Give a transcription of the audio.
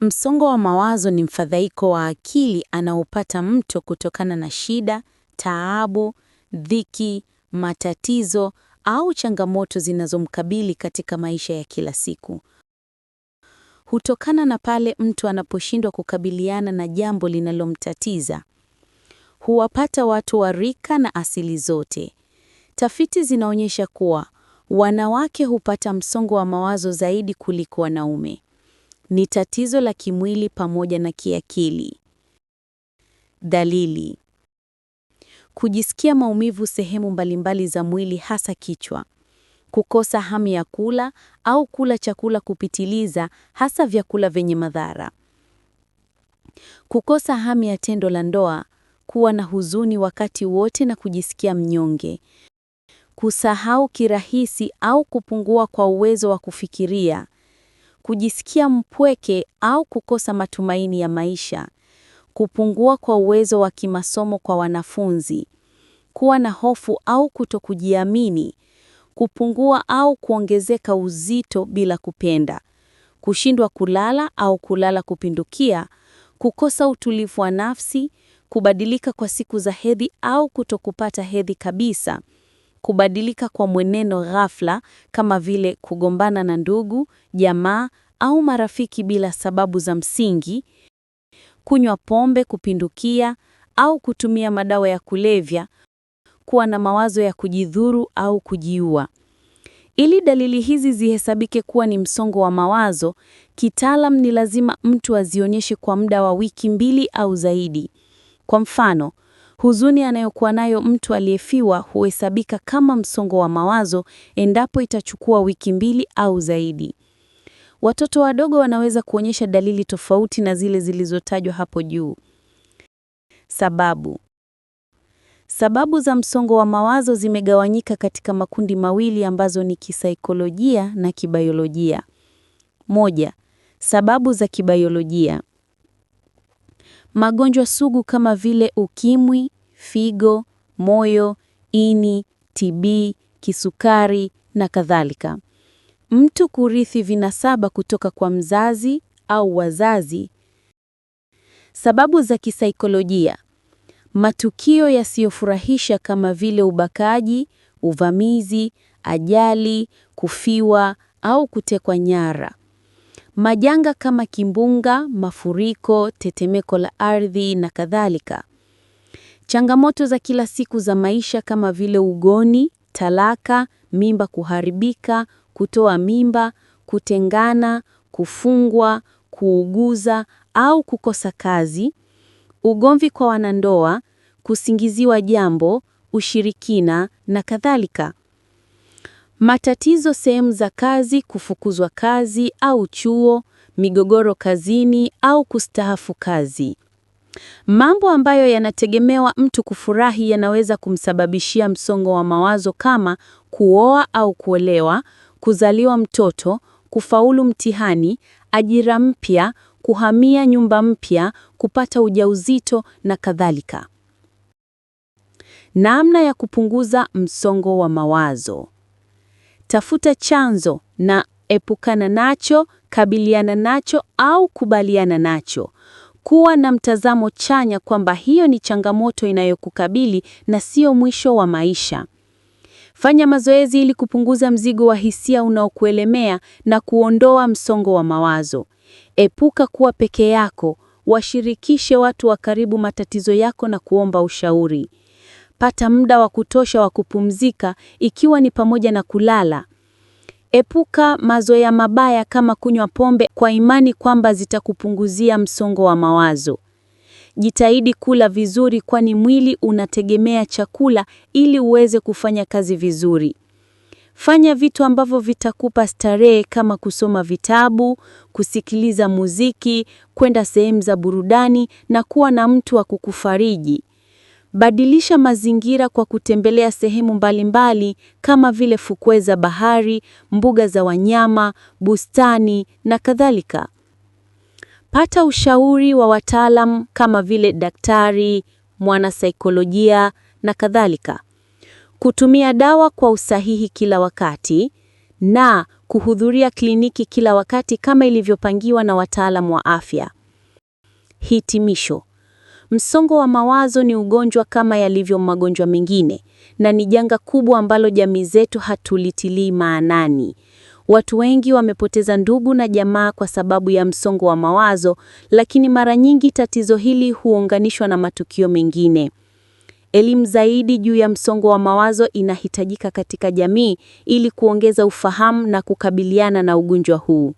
Msongo wa mawazo ni mfadhaiko wa akili anaopata mtu kutokana na shida, taabu, dhiki, matatizo au changamoto zinazomkabili katika maisha ya kila siku. Hutokana na pale mtu anaposhindwa kukabiliana na jambo linalomtatiza. Huwapata watu wa rika na asili zote. Tafiti zinaonyesha kuwa wanawake hupata msongo wa mawazo zaidi kuliko wanaume ni tatizo la kimwili pamoja na kiakili. Dalili: kujisikia maumivu sehemu mbalimbali za mwili, hasa kichwa, kukosa hamu ya kula au kula chakula kupitiliza, hasa vyakula vyenye madhara, kukosa hamu ya tendo la ndoa, kuwa na huzuni wakati wote na kujisikia mnyonge, kusahau kirahisi au kupungua kwa uwezo wa kufikiria, kujisikia mpweke au kukosa matumaini ya maisha, kupungua kwa uwezo wa kimasomo kwa wanafunzi, kuwa na hofu au kutokujiamini, kupungua au kuongezeka uzito bila kupenda, kushindwa kulala au kulala kupindukia, kukosa utulivu wa nafsi, kubadilika kwa siku za hedhi au kutokupata hedhi kabisa kubadilika kwa mwenendo ghafla kama vile kugombana na ndugu, jamaa au marafiki bila sababu za msingi, kunywa pombe kupindukia au kutumia madawa ya kulevya, kuwa na mawazo ya kujidhuru au kujiua. Ili dalili hizi zihesabike kuwa ni msongo wa mawazo, kitaalam ni lazima mtu azionyeshe kwa muda wa wiki mbili au zaidi. Kwa mfano, Huzuni anayokuwa nayo mtu aliyefiwa huhesabika kama msongo wa mawazo endapo itachukua wiki mbili au zaidi. Watoto wadogo wanaweza kuonyesha dalili tofauti na zile zilizotajwa hapo juu. Sababu. Sababu za msongo wa mawazo zimegawanyika katika makundi mawili ambazo ni kisaikolojia na kibayolojia. Moja, sababu za kibayolojia. Magonjwa sugu kama vile ukimwi, figo, moyo, ini, TB, kisukari na kadhalika. Mtu kurithi vinasaba kutoka kwa mzazi au wazazi. Sababu za kisaikolojia: matukio yasiyofurahisha kama vile ubakaji, uvamizi, ajali, kufiwa au kutekwa nyara. Majanga kama kimbunga, mafuriko, tetemeko la ardhi na kadhalika. Changamoto za kila siku za maisha kama vile ugoni, talaka, mimba kuharibika, kutoa mimba, kutengana, kufungwa, kuuguza au kukosa kazi, ugomvi kwa wanandoa, kusingiziwa jambo, ushirikina na kadhalika. Matatizo sehemu za kazi, kufukuzwa kazi au chuo, migogoro kazini au kustaafu kazi. Mambo ambayo yanategemewa mtu kufurahi yanaweza kumsababishia msongo wa mawazo kama kuoa au kuolewa, kuzaliwa mtoto, kufaulu mtihani, ajira mpya, kuhamia nyumba mpya, kupata ujauzito na kadhalika. Namna ya kupunguza msongo wa mawazo. Tafuta chanzo na epukana nacho, kabiliana nacho au kubaliana nacho. Kuwa na mtazamo chanya kwamba hiyo ni changamoto inayokukabili na sio mwisho wa maisha. Fanya mazoezi ili kupunguza mzigo wa hisia unaokuelemea na kuondoa msongo wa mawazo. Epuka kuwa peke yako, washirikishe watu wa karibu matatizo yako na kuomba ushauri. Pata muda wa kutosha wa kupumzika, ikiwa ni pamoja na kulala. Epuka mazoea mabaya kama kunywa pombe kwa imani kwamba zitakupunguzia msongo wa mawazo. Jitahidi kula vizuri kwani mwili unategemea chakula ili uweze kufanya kazi vizuri. Fanya vitu ambavyo vitakupa starehe kama kusoma vitabu, kusikiliza muziki, kwenda sehemu za burudani na kuwa na mtu wa kukufariji. Badilisha mazingira kwa kutembelea sehemu mbalimbali kama vile fukwe za bahari, mbuga za wanyama, bustani na kadhalika. Pata ushauri wa wataalam kama vile daktari, mwanasaikolojia na kadhalika. Kutumia dawa kwa usahihi kila wakati na kuhudhuria kliniki kila wakati kama ilivyopangiwa na wataalamu wa afya. Hitimisho. Msongo wa mawazo ni ugonjwa kama yalivyo magonjwa mengine na ni janga kubwa ambalo jamii zetu hatulitilii maanani. Watu wengi wamepoteza ndugu na jamaa kwa sababu ya msongo wa mawazo, lakini mara nyingi tatizo hili huunganishwa na matukio mengine. Elimu zaidi juu ya msongo wa mawazo inahitajika katika jamii ili kuongeza ufahamu na kukabiliana na ugonjwa huu.